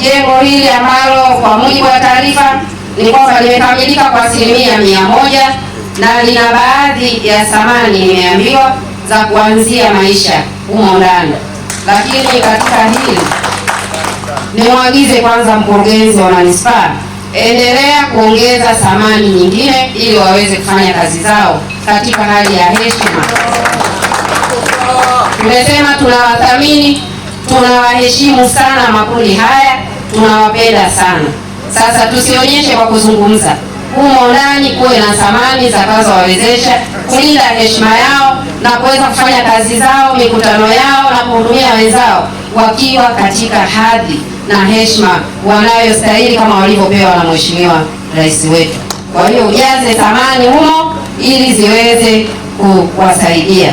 jengo hili ambalo kwa mujibu wa taarifa ni kwamba limekamilika kwa asilimia mia moja na lina baadhi ya samani nimeambiwa za kuanzia maisha humo ndani, lakini katika hili nimwagize kwanza mkurugenzi wa manispaa endelea kuongeza samani nyingine ili waweze kufanya kazi zao katika hali ya heshima. Tumesema tunawathamini tunawaheshimu sana makundi haya tunawapenda sana. Sasa tusionyeshe kwa kuzungumza, humo ndani kuwe na samani zitakazowawezesha kulinda heshima yao na kuweza kufanya kazi zao, mikutano yao na kuhudumia wenzao wakiwa katika hadhi na heshima wanayostahili kama walivyopewa na Mheshimiwa Rais wetu. Kwa hiyo ujaze samani humo ili ziweze kuwasaidia.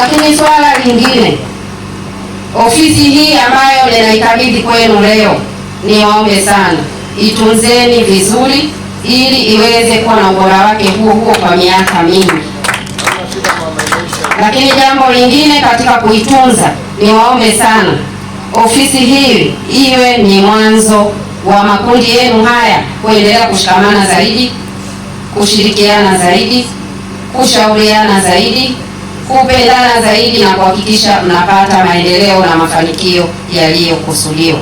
Lakini swala lingine Ofisi hii ambayo ninaikabidhi kwenu leo, niwaombe sana itunzeni vizuri, ili iweze kuwa na ubora wake huo huo kwa miaka mingi. Lakini jambo lingine katika kuitunza, niwaombe sana ofisi hii iwe ni mwanzo wa makundi yenu haya kuendelea kushikamana zaidi, kushirikiana zaidi, kushauriana zaidi kupendana zaidi na kuhakikisha mnapata maendeleo na mafanikio yaliyokusudiwa.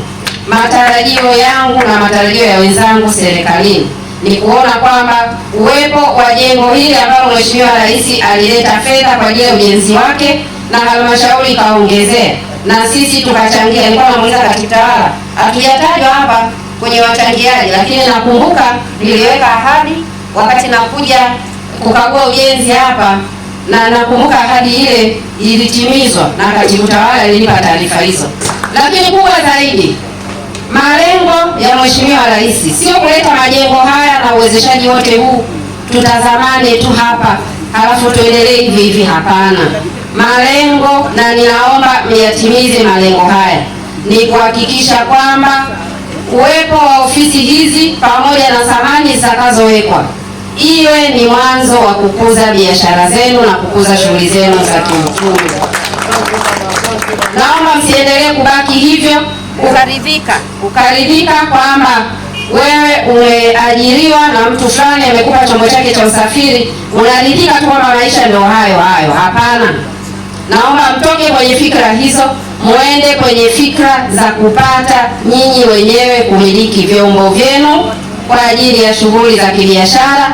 Matarajio yangu na matarajio ya wenzangu serikalini ni kuona kwamba uwepo wa jengo hili ambalo Mheshimiwa Rais alileta fedha kwa ajili ya ujenzi wake na halmashauri ikaongezea na sisi tukachangia. Nilikuwa namuuliza katibu tawala, hatujatajwa hapa kwenye wachangiaji, lakini nakumbuka niliweka ahadi wakati nakuja kukagua ujenzi hapa na nakumbuka ahadi ile ilitimizwa na katibu tawala alinipa taarifa hizo. Lakini kubwa zaidi, malengo ya Mheshimiwa Rais sio kuleta majengo haya na uwezeshaji wote huu tutazamane tu hapa halafu tuendelee hivi hivi. Hapana, malengo na ninaomba myatimize malengo haya ni kuhakikisha kwamba uwepo wa ofisi hizi pamoja na samani zitakazowekwa iwe ni mwanzo wa kukuza biashara zenu na kukuza shughuli zenu za kiuchumi. Naomba msiendelee kubaki hivyo, kukaridhika, kukaridhika kwamba wewe umeajiriwa na mtu fulani amekupa chombo chake cha usafiri, unaridhika tu kwamba maisha ndio hayo hayo. Hapana, naomba mtoke kwenye fikra hizo, muende kwenye fikra za kupata nyinyi wenyewe kumiliki vyombo vyenu kwa ajili ya shughuli za kibiashara,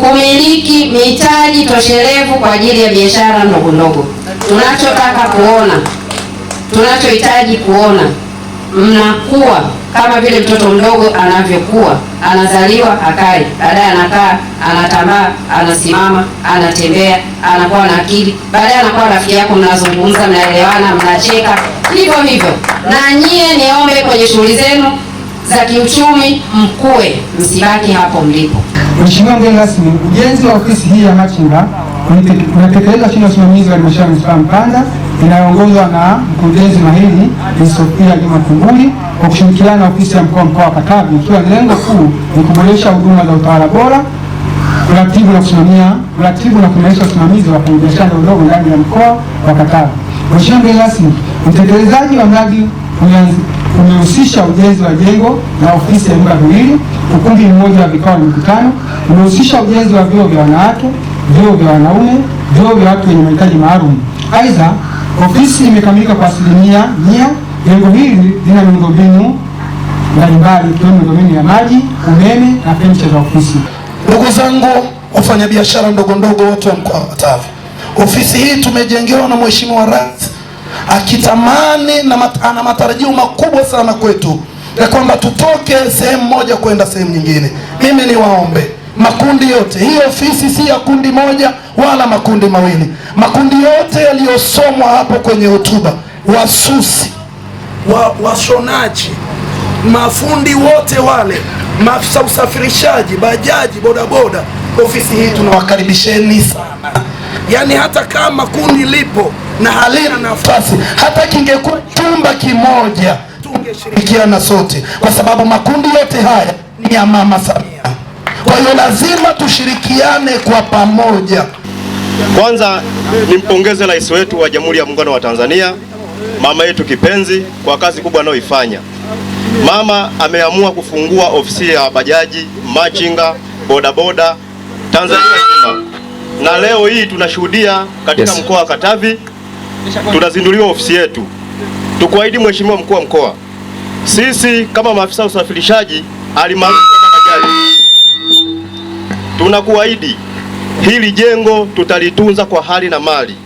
kumiliki mitaji toshelevu kwa ajili ya biashara ndogo ndogo. Tunachotaka kuona, tunachohitaji kuona, mnakuwa kama vile mtoto mdogo anavyokuwa, anazaliwa hakai, baadaye anakaa, anatambaa, anasimama, anatembea, anakuwa na akili, baadaye anakuwa rafiki yako, mnazungumza, mnaelewana, mnacheka, hivyo hivyo. Na nyie niombe kwenye shughuli zenu za kiuchumi mkue, msibaki hapo mlipo. Mheshimiwa mgeni rasmi, ujenzi wa ofisi hii ya machinga unatekelezwa chini ya usimamizi wa halmashauri ya manispaa Mpanda inayoongozwa na mkurugenzi mahiri Bi Sofia Juma Kunguli kwa kushirikiana na ofisi ya mkoa wa mkoa wa Katavi, ikiwa lengo kuu ni kuboresha huduma za utawala bora, kuratibu na kusimamia, kuratibu na kuimarisha usimamizi wa wafanyabiashara wadogo ndani ya mkoa wa Katavi. Mheshimiwa mgeni rasmi, utekelezaji wa mradi umehusisha ujenzi wa jengo na ofisi ya nyumba viwili, ukumbi mmoja wa vikao na mikutano, umehusisha ujenzi wa vyoo vya wanawake, vyoo vya wanaume, vyoo vya watu wenye mahitaji maalum. Aidha, ofisi imekamilika kwa asilimia mia. Jengo hili lina miundombinu mbalimbali ikiwemo miundombinu ya maji, umeme na fenicha za ofisi. Ndugu zangu wafanyabiashara ndogo ndogo wote wa mkoa wa Katavi, ofisi hii tumejengewa na Mheshimiwa Rais akitamani na mat, ana matarajio makubwa sana kwetu ya kwamba tutoke sehemu moja kwenda sehemu nyingine. Mimi niwaombe makundi yote, hii ofisi si ya kundi moja wala makundi mawili. Makundi yote yaliyosomwa hapo kwenye hotuba, wasusi wa, washonaji, mafundi wote wale, maafisa usafirishaji, bajaji, bodaboda, ofisi hii tunawakaribisheni sana yani hata kama kundi lipo na halina nafasi, hata kingekuwa chumba kimoja tungeshirikiana sote, kwa sababu makundi yote haya ni ya Mama Samia. Kwa hiyo lazima tushirikiane kwa pamoja. Kwanza nimpongeze rais wetu wa Jamhuri ya Muungano wa Tanzania, mama yetu kipenzi, kwa kazi kubwa anayoifanya. Mama ameamua kufungua ofisi ya bajaji, machinga, bodaboda Tanzania nzima na leo hii tunashuhudia katika yes, mkoa wa Katavi tunazinduliwa ofisi yetu. Tukuahidi Mheshimiwa mkuu wa mkoa, sisi kama maafisa wa usafirishaji alimaarufu tunakuahidi hili jengo tutalitunza kwa hali na mali.